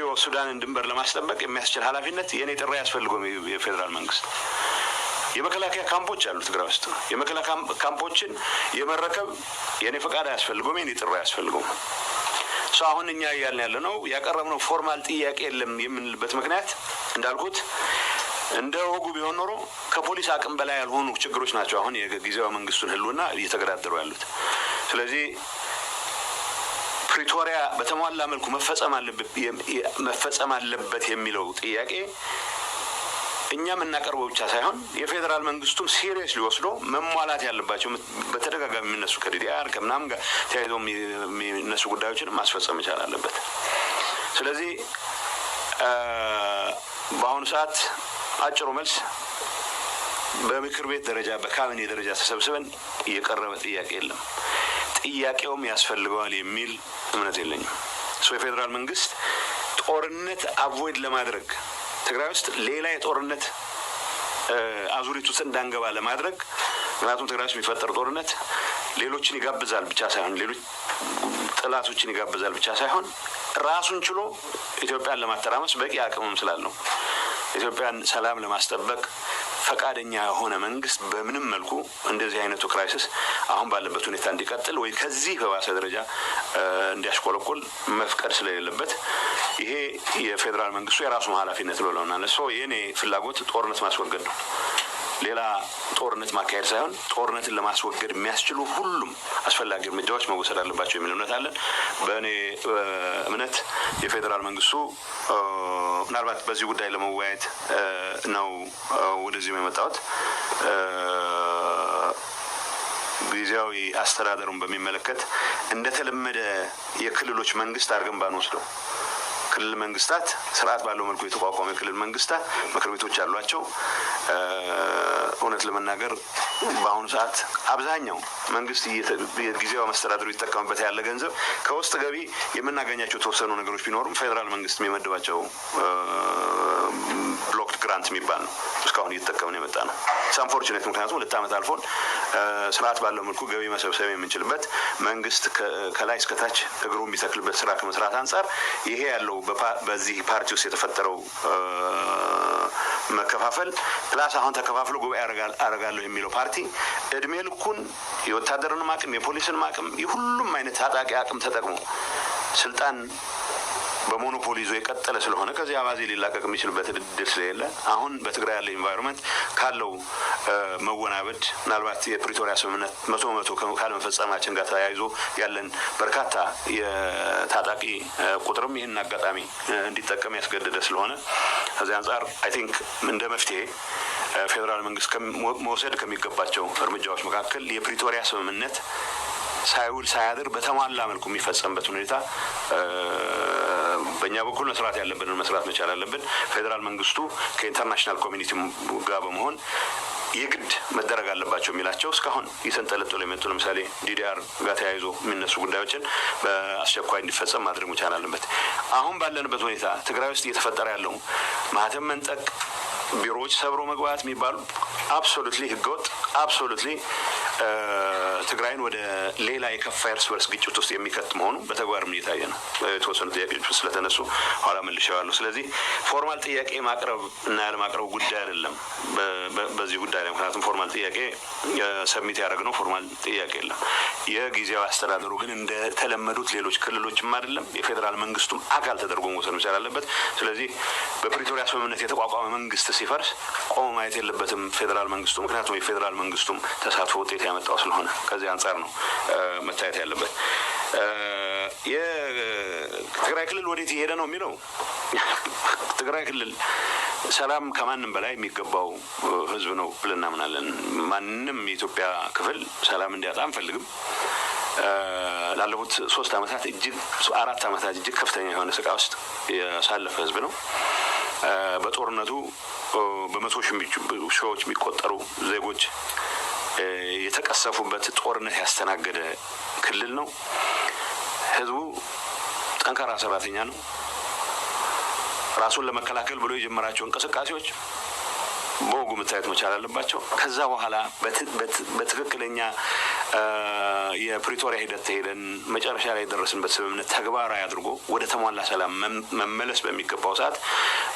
ኢትዮ ሱዳንን ድንበር ለማስጠበቅ የሚያስችል ኃላፊነት የእኔ ጥሪ አያስፈልገውም። የፌዴራል መንግስት የመከላከያ ካምፖች አሉ ትግራይ ውስጥ። የመከላከያ ካምፖችን የመረከብ የእኔ ፈቃድ አያስፈልገውም፣ የእኔ ጥሪ አያስፈልገውም። ሰው አሁን እኛ እያልን ያለ ነው ያቀረብነው ፎርማል ጥያቄ የለም የምንልበት ምክንያት እንዳልኩት እንደ ወጉ ቢሆን ኖሮ ከፖሊስ አቅም በላይ ያልሆኑ ችግሮች ናቸው አሁን የጊዜያዊ መንግስቱን ህልውና እየተገዳደሩ ያሉት። ስለዚህ ፕሪቶሪያ በተሟላ መልኩ መፈጸም አለበት የሚለው ጥያቄ እኛ የምናቀርበው ብቻ ሳይሆን የፌዴራል መንግስቱም ሲሪየስ ሊወስዶ መሟላት ያለባቸው በተደጋጋሚ የሚነሱ ከዲዲአር ከምናም ጋር ተያይዞ የሚነሱ ጉዳዮችን ማስፈጸም መቻል አለበት። ስለዚህ በአሁኑ ሰዓት አጭሩ መልስ በምክር ቤት ደረጃ በካቢኔ ደረጃ ተሰብስበን እየቀረበ ጥያቄ የለም። ጥያቄውም ያስፈልገዋል የሚል እምነት የለኝም። ሶ የፌዴራል መንግስት ጦርነት አቮይድ ለማድረግ ትግራይ ውስጥ ሌላ የጦርነት አዙሪት ውስጥ እንዳንገባ ለማድረግ ምክንያቱም ትግራይ ውስጥ የሚፈጠር ጦርነት ሌሎችን ይጋብዛል ብቻ ሳይሆን ሌሎች ጥላቶችን ይጋብዛል ብቻ ሳይሆን ራሱን ችሎ ኢትዮጵያን ለማተራመስ በቂ አቅምም ስላለው ኢትዮጵያን ሰላም ለማስጠበቅ ፈቃደኛ የሆነ መንግስት በምንም መልኩ እንደዚህ አይነቱ ክራይሲስ አሁን ባለበት ሁኔታ እንዲቀጥል ወይ ከዚህ በባሰ ደረጃ እንዲያሽቆለቆል መፍቀድ ስለሌለበት ይሄ የፌዴራል መንግስቱ የራሱ ኃላፊነት ብለውናል። ሶ የኔ ፍላጎት ጦርነት ማስወገድ ነው። ሌላ ጦርነት ማካሄድ ሳይሆን ጦርነትን ለማስወገድ የሚያስችሉ ሁሉም አስፈላጊ እርምጃዎች መወሰድ አለባቸው የሚል እምነት አለን። በእኔ እምነት የፌዴራል መንግስቱ ምናልባት በዚህ ጉዳይ ለመወያየት ነው ወደዚህ የመጣሁት። ጊዜያዊ አስተዳደሩን በሚመለከት እንደተለመደ የክልሎች መንግስት አድርገን ባንወስደው ክልል መንግስታት ስርዓት ባለው መልኩ የተቋቋመ የክልል መንግስታት ምክር ቤቶች አሏቸው። እውነት ለመናገር በአሁኑ ሰዓት አብዛኛው መንግስት ጊዜያዊ መስተዳድሩ ይጠቀምበት ያለ ገንዘብ ከውስጥ ገቢ የምናገኛቸው የተወሰኑ ነገሮች ቢኖሩም ፌዴራል መንግስት የሚመድባቸው ብሎክ ግራንት የሚባል ነው እስካሁን እየተጠቀምን የመጣ ነው። ሳንፎርቹኔት ምክንያቱም ሁለት ዓመት አልፎን ስርዓት ባለው መልኩ ገቢ መሰብሰብ የምንችልበት መንግስት ከላይ እስከታች እግሩ የሚተክልበት ስራ ከመስራት አንጻር ይሄ ያለው በዚህ ፓርቲ ውስጥ የተፈጠረው መከፋፈል ፕላስ አሁን ተከፋፍሎ ጉባኤ አረጋለሁ የሚለው ፓርቲ እድሜ ልኩን የወታደርንም አቅም የፖሊስንም አቅም የሁሉም አይነት ታጣቂ አቅም ተጠቅሞ ስልጣን በሞኖፖሊ ይዞ የቀጠለ ስለሆነ ከዚህ አባዜ ሊላቀቅ የሚችልበት እድል ስለሌለ አሁን በትግራይ ያለው ኢንቫይሮንመንት ካለው መወናበድ ምናልባት የፕሪቶሪያ ስምምነት መቶ በመቶ ካለመፈጸማችን ጋር ተያይዞ ያለን በርካታ የታጣቂ ቁጥርም ይህን አጋጣሚ እንዲጠቀም ያስገደደ ስለሆነ ከዚህ አንጻር አይ ቲንክ እንደ መፍትሄ ፌዴራል መንግስት መውሰድ ከሚገባቸው እርምጃዎች መካከል የፕሪቶሪያ ስምምነት ሳይውል ሳያድር በተሟላ መልኩ የሚፈጸምበት ሁኔታ በእኛ በኩል መስራት ያለብንን መስራት መቻል አለብን። ፌዴራል መንግስቱ ከኢንተርናሽናል ኮሚኒቲ ጋር በመሆን የግድ መደረግ አለባቸው የሚላቸው እስካሁን የተንጠለጠሉ የመጡ ለምሳሌ ዲዲአር ጋር ተያይዞ የሚነሱ ጉዳዮችን በአስቸኳይ እንዲፈጸም ማድረግ መቻል አለበት። አሁን ባለንበት ሁኔታ ትግራይ ውስጥ እየተፈጠረ ያለው ማህተም መንጠቅ፣ ቢሮዎች ሰብሮ መግባት የሚባሉ አብሶሉትሊ ህገወጥ አብሶሉትሊ ትግራይን ወደ ሌላ የከፋ የእርስ በርስ ግጭት ውስጥ የሚከት መሆኑ በተግባርም እየታየ ነው። የተወሰኑ ጥያቄዎች ስለተነሱ ኋላ መልሼዋለሁ። ስለዚህ ፎርማል ጥያቄ ማቅረብ እና ያለማቅረብ ጉዳይ አይደለም በዚህ ጉዳይ ላይ ምክንያቱም ፎርማል ጥያቄ ሰሚት ያደረግነው ፎርማል ጥያቄ የለም። የጊዜያዊ አስተዳደሩ ግን እንደተለመዱት ሌሎች ክልሎችም አይደለም የፌዴራል መንግስቱም አካል ተደርጎ መውሰድ መቻል አለበት። ስለዚህ በፕሪቶሪያ ስምምነት የተቋቋመ መንግስት ሲፈርስ ቆመ ማየት የለበትም ፌዴራል መንግስቱ ምክንያቱም የፌዴራል መንግስቱም ተሳትፎ ውጤት ያመጣው ስለሆነ ከዚህ አንጻር ነው መታየት ያለበት። የትግራይ ክልል ወዴት እየሄደ ነው የሚለው ትግራይ ክልል ሰላም ከማንም በላይ የሚገባው ህዝብ ነው ብለን እናምናለን። ማንም የኢትዮጵያ ክፍል ሰላም እንዲያጣ አንፈልግም። ላለፉት ሶስት ዓመታት እጅግ አራት አመታት እጅግ ከፍተኛ የሆነ ስቃ ውስጥ ያሳለፈ ህዝብ ነው። በጦርነቱ በመቶ ሺዎች የሚቆጠሩ ዜጎች የተቀሰፉበት ጦርነት ያስተናገደ ክልል ነው። ህዝቡ ጠንካራ ሰራተኛ ነው። ራሱን ለመከላከል ብሎ የጀመራቸው እንቅስቃሴዎች በወጉ መታየት መቻል አለባቸው። ከዛ በኋላ በትክክለኛ የፕሪቶሪያ ሂደት ተሄደን መጨረሻ ላይ የደረስንበት ስምምነት ተግባራዊ አድርጎ ወደ ተሟላ ሰላም መመለስ በሚገባው ሰዓት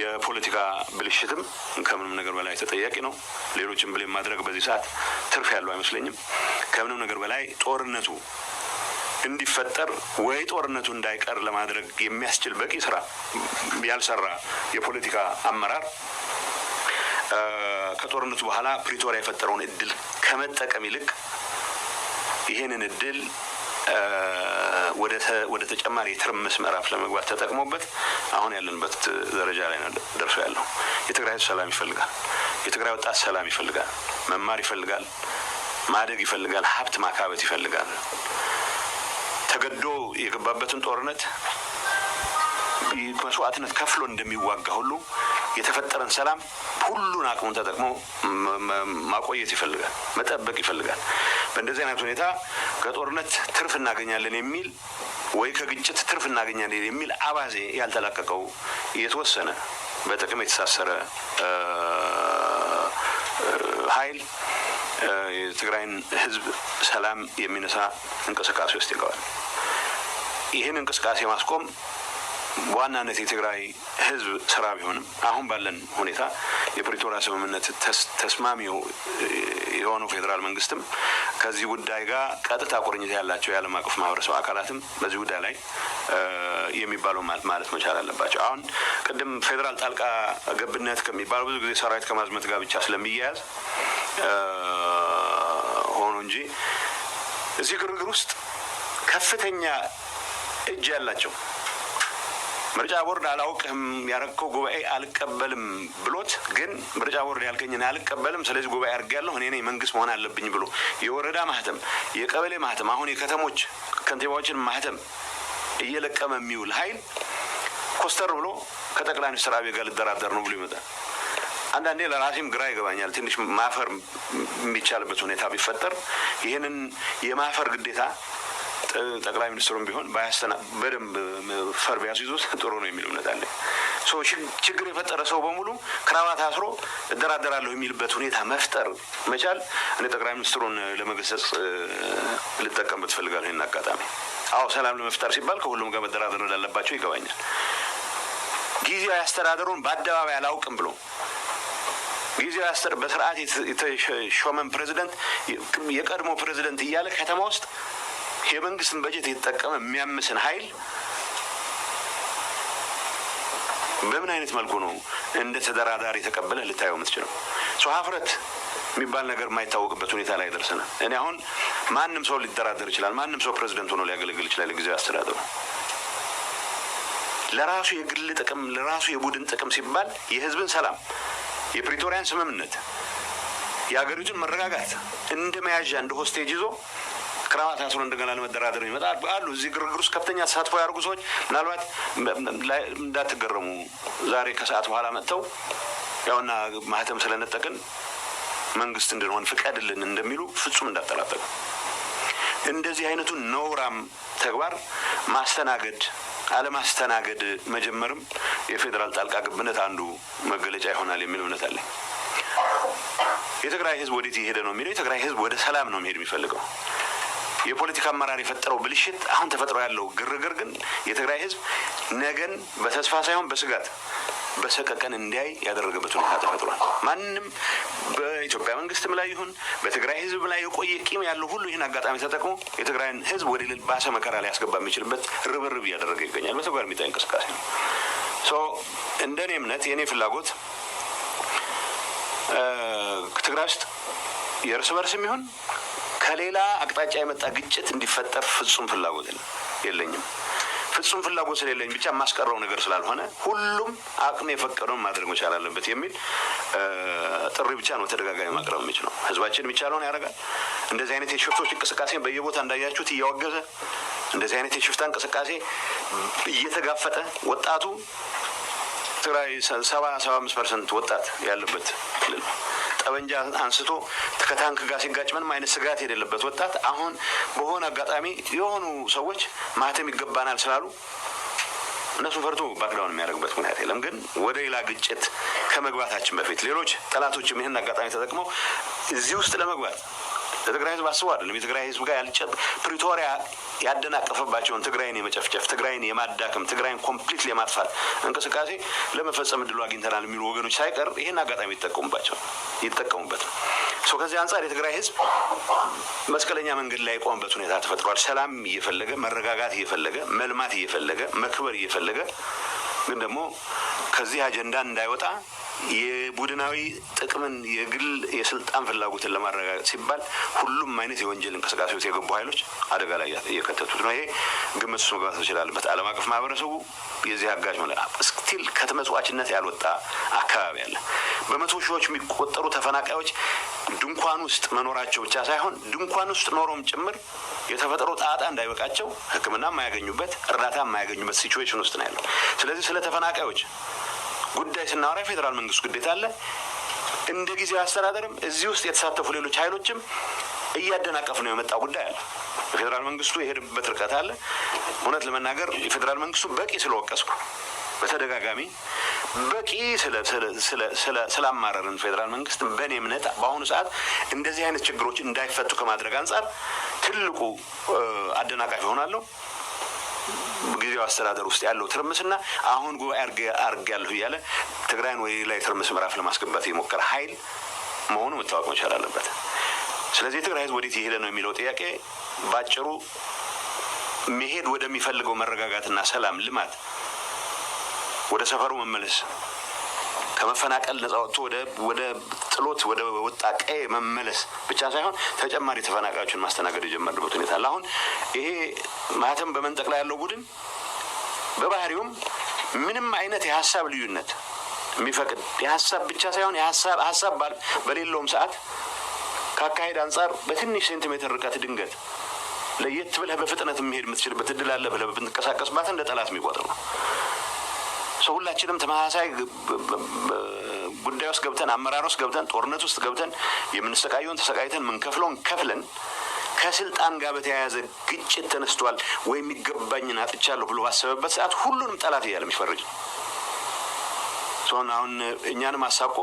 የፖለቲካ ብልሽትም ከምንም ነገር በላይ ተጠያቂ ነው። ሌሎችም ብሌም ማድረግ በዚህ ሰዓት ትርፍ ያለው አይመስለኝም። ከምንም ነገር በላይ ጦርነቱ እንዲፈጠር ወይ ጦርነቱ እንዳይቀር ለማድረግ የሚያስችል በቂ ስራ ያልሰራ የፖለቲካ አመራር ከጦርነቱ በኋላ ፕሪቶሪያ የፈጠረውን እድል ከመጠቀም ይልቅ ይህንን እድል ወደ ተጨማሪ የትርምስ ምዕራፍ ለመግባት ተጠቅሞበት አሁን ያለንበት ደረጃ ላይ ነው ደርሶ ያለው። የትግራይ ሰላም ይፈልጋል። የትግራይ ወጣት ሰላም ይፈልጋል። መማር ይፈልጋል። ማደግ ይፈልጋል። ሀብት ማካበት ይፈልጋል። ተገዶ የገባበትን ጦርነት መስዋዕትነት ከፍሎ እንደሚዋጋ ሁሉ የተፈጠረን ሰላም ሁሉን አቅሙን ተጠቅሞ ማቆየት ይፈልጋል፣ መጠበቅ ይፈልጋል። በእንደዚህ አይነት ሁኔታ ከጦርነት ትርፍ እናገኛለን የሚል ወይ ከግጭት ትርፍ እናገኛለን የሚል አባዜ ያልተላቀቀው የተወሰነ በጥቅም የተሳሰረ ኃይል የትግራይን ህዝብ ሰላም የሚነሳ እንቅስቃሴ ውስጥ ይገባል። ይህን እንቅስቃሴ ማስቆም በዋናነት የትግራይ ህዝብ ስራ ቢሆንም አሁን ባለን ሁኔታ የፕሪቶሪያ ስምምነት ተስማሚ የሆነው ፌዴራል መንግስትም ከዚህ ጉዳይ ጋር ቀጥታ ቁርኝት ያላቸው የዓለም አቀፍ ማህበረሰብ አካላትም በዚህ ጉዳይ ላይ የሚባለው ማለት መቻል አለባቸው። አሁን ቅድም ፌዴራል ጣልቃ ገብነት ከሚባለው ብዙ ጊዜ ሰራዊት ከማዝመት ጋር ብቻ ስለሚያያዝ ሆኖ እንጂ እዚህ ግርግር ውስጥ ከፍተኛ እጅ ያላቸው ምርጫ ቦርድ አላውቅህም ያረግከው ጉባኤ አልቀበልም ብሎት፣ ግን ምርጫ ቦርድ ያልከኝን አልቀበልም፣ ስለዚህ ጉባኤ አድርጌያለሁ እኔ ነኝ መንግስት መሆን አለብኝ ብሎ የወረዳ ማህተም፣ የቀበሌ ማህተም፣ አሁን የከተሞች ከንቲባዎችን ማህተም እየለቀመ የሚውል ሀይል ኮስተር ብሎ ከጠቅላይ ሚኒስትር አብይ ጋር ልደራደር ነው ብሎ ይመጣል። አንዳንዴ ለራሴም ግራ ይገባኛል። ትንሽ ማፈር የሚቻልበት ሁኔታ ቢፈጠር ይህንን የማፈር ግዴታ ጠቅላይ ሚኒስትሩም ቢሆን ባያስተና በደንብ ፈር ቢያስ ጥሩ ነው የሚል እምነት አለ። ችግር የፈጠረ ሰው በሙሉ ክራባት አስሮ እደራደራለሁ የሚልበት ሁኔታ መፍጠር መቻል እኔ ጠቅላይ ሚኒስትሩን ለመገሰጽ ልጠቀምበት እፈልጋለሁ ይህን አጋጣሚ። አዎ ሰላም ለመፍጠር ሲባል ከሁሉም ጋር መደራደር እንዳለባቸው ይገባኛል። ጊዜያዊ አስተዳደሩን በአደባባይ አላውቅም ብሎ ጊዜያዊ አስተዳደር በስርዓት የተሾመን ፕሬዚደንት የቀድሞ ፕሬዚደንት እያለ ከተማ ውስጥ የመንግስትን በጀት እየተጠቀመ የሚያምስን ኃይል በምን አይነት መልኩ ነው እንደ ተደራዳሪ ተቀበለ ልታየው የምትችለው? ሰው ሀፍረት የሚባል ነገር የማይታወቅበት ሁኔታ ላይ ደርሰናል። እኔ አሁን ማንም ሰው ሊደራደር ይችላል። ማንም ሰው ፕሬዚደንት ሆኖ ሊያገለግል ይችላል። ጊዜያዊ አስተዳደሩ ለራሱ የግል ጥቅም፣ ለራሱ የቡድን ጥቅም ሲባል የህዝብን ሰላም፣ የፕሪቶሪያን ስምምነት፣ የሀገሪቱን መረጋጋት እንደ መያዣ እንደ ሆስቴጅ ይዞ ክራማት አስሮ እንደገና ለመደራደር ይመጣ አሉ። እዚህ ግርግር ውስጥ ከፍተኛ ተሳትፎ ያደርጉ ሰዎች ምናልባት እንዳትገረሙ፣ ዛሬ ከሰዓት በኋላ መጥተው ያውና ማህተም ስለነጠቅን መንግስት እንድንሆን ፍቀድልን እንደሚሉ ፍጹም እንዳጠራጠቁ እንደዚህ አይነቱን ነውራም ተግባር ማስተናገድ አለማስተናገድ መጀመርም የፌዴራል ጣልቃ ግብነት አንዱ መገለጫ ይሆናል የሚል እምነት አለኝ። የትግራይ ህዝብ ወዴት የሄደ ነው የሚለው የትግራይ ህዝብ ወደ ሰላም ነው መሄድ የሚፈልገው። የፖለቲካ አመራር የፈጠረው ብልሽት፣ አሁን ተፈጥሮ ያለው ግርግር ግን የትግራይ ህዝብ ነገን በተስፋ ሳይሆን በስጋት በሰቀቀን እንዲያይ ያደረገበት ሁኔታ ተፈጥሯል። ማንም በኢትዮጵያ መንግስትም ላይ ይሁን በትግራይ ህዝብ ላይ የቆየ ቂም ያለው ሁሉ ይህን አጋጣሚ ተጠቅሞ የትግራይን ህዝብ ወደ ባሰ መከራ ላይ ያስገባ የሚችልበት ርብርብ እያደረገ ይገኛል። በተግባር የሚታይ እንቅስቃሴ ነው። እንደ እኔ እምነት የእኔ ፍላጎት ትግራይ ውስጥ የእርስ በርስ የሚሆን ከሌላ አቅጣጫ የመጣ ግጭት እንዲፈጠር ፍጹም ፍላጎት የለኝም። ፍጹም ፍላጎት ስለሌለኝ ብቻ የማስቀረው ነገር ስላልሆነ ሁሉም አቅም የፈቀደውን ማድረግ መቻል አለበት የሚል ጥሪ ብቻ ነው ተደጋጋሚ ማቅረብ የሚችለው። ህዝባችን የሚቻለውን ያደርጋል። እንደዚህ አይነት የሽፍቶች እንቅስቃሴን በየቦታ እንዳያችሁት እያወገዘ እንደዚህ አይነት የሽፍታ እንቅስቃሴ እየተጋፈጠ ወጣቱ ትግራይ ሰባ ሰባ አምስት ፐርሰንት ወጣት ያለበት ክልል ጠበንጃ አንስቶ ከታንክ ጋር ሲጋጭ ምንም አይነት ስጋት የሌለበት ወጣት አሁን በሆነ አጋጣሚ የሆኑ ሰዎች ማህተም ይገባናል ስላሉ እነሱን ፈርቶ ባክዳውን የሚያደርግበት ምክንያት የለም። ግን ወደ ሌላ ግጭት ከመግባታችን በፊት ሌሎች ጠላቶችም ይህን አጋጣሚ ተጠቅመው እዚህ ውስጥ ለመግባት ለትግራይ ህዝብ አስቡ አይደለም። የትግራይ ህዝብ ጋር ያልጨ ፕሪቶሪያ ያደናቀፈባቸውን ትግራይን የመጨፍጨፍ ትግራይን የማዳከም ትግራይን ኮምፕሊት የማጥፋት እንቅስቃሴ ለመፈጸም እድሉ አግኝተናል የሚሉ ወገኖች ሳይቀር ይህን አጋጣሚ ይጠቀሙባቸው ይጠቀሙበት ነው። ከዚህ አንጻር የትግራይ ህዝብ መስቀለኛ መንገድ ላይ የቆመበት ሁኔታ ተፈጥሯል። ሰላም እየፈለገ መረጋጋት እየፈለገ መልማት እየፈለገ መክበር እየፈለገ ግን ደግሞ ከዚህ አጀንዳ እንዳይወጣ የቡድናዊ ጥቅምን የግል የስልጣን ፍላጎትን ለማረጋገጥ ሲባል ሁሉም አይነት የወንጀል እንቅስቃሴ ውስጥ የገቡ ኃይሎች አደጋ ላይ እየከተቱት ነው። ይሄ ግምት ውስጥ መግባት ትችላለበት። ዓለም አቀፍ ማህበረሰቡ የዚህ አጋዥ ሆነ ስቲል ከተመጽዋችነት ያልወጣ አካባቢ አለ። በመቶ ሺዎች የሚቆጠሩ ተፈናቃዮች ድንኳን ውስጥ መኖራቸው ብቻ ሳይሆን ድንኳን ውስጥ ኖሮም ጭምር የተፈጥሮ ጣጣ እንዳይበቃቸው ሕክምና የማያገኙበት እርዳታ የማያገኙበት ሲቹዌሽን ውስጥ ነው ያለው። ስለዚህ ስለ ተፈናቃዮች ጉዳይ ስናወራ የፌዴራል መንግስት ግዴታ አለ። እንደ ጊዜ አስተዳደርም እዚህ ውስጥ የተሳተፉ ሌሎች ኃይሎችም እያደናቀፍ ነው የመጣ ጉዳይ አለ። የፌዴራል መንግስቱ የሄድበት ርቀት አለ። እውነት ለመናገር የፌዴራል መንግስቱ በቂ ስለወቀስኩ በተደጋጋሚ በቂ ስላማረርን ፌዴራል መንግስት በእኔ እምነት በአሁኑ ሰዓት እንደዚህ አይነት ችግሮች እንዳይፈቱ ከማድረግ አንጻር ትልቁ አደናቃፊ ሆናለሁ። ጊዜው አስተዳደር ውስጥ ያለው ትርምስና አሁን ጉባኤ አርግ ያለሁ እያለ ትግራይን ወደ ሌላ የትርምስ ምዕራፍ ለማስገባት የሞከረ ኃይል መሆኑ መታወቅ መቻል አለበት። ስለዚህ የትግራይ ህዝብ ወዴት የሄደ ነው የሚለው ጥያቄ በአጭሩ መሄድ ወደሚፈልገው መረጋጋትና ሰላም፣ ልማት፣ ወደ ሰፈሩ መመለስ ከመፈናቀል ነጻ ወጥቶ ወደ ጥሎት ወደ ወጣ ቀይ መመለስ ብቻ ሳይሆን ተጨማሪ ተፈናቃዮችን ማስተናገድ የጀመርበት ሁኔታ አለ። አሁን ይሄ ማህተም በመንጠቅ ላይ ያለው ቡድን በባህሪውም ምንም አይነት የሀሳብ ልዩነት የሚፈቅድ የሀሳብ ብቻ ሳይሆን ሀሳብ በሌለውም ሰዓት ከአካሄድ አንጻር በትንሽ ሴንቲሜትር ርቀት ድንገት ለየት ብለህ በፍጥነት የሚሄድ የምትችልበት እድል አለ ብለህ ብትንቀሳቀስባት እንደ ጠላት የሚቆጥር ነው። ሰው ሁላችንም ተመሳሳይ ጉዳይ ውስጥ ገብተን አመራር ውስጥ ገብተን ጦርነት ውስጥ ገብተን የምንሰቃየውን ተሰቃይተን ምንከፍለውን ከፍለን ከስልጣን ጋር በተያያዘ ግጭት ተነስቷል ወይ የሚገባኝን አጥቻለሁ ብሎ ባሰበበት ሰዓት ሁሉንም ጠላት እያለ የሚፈርጅ ሲሆን አሁን እኛንም አሳቆ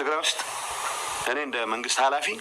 ትግራይ ውስጥ እኔ እንደ መንግስት ኃላፊ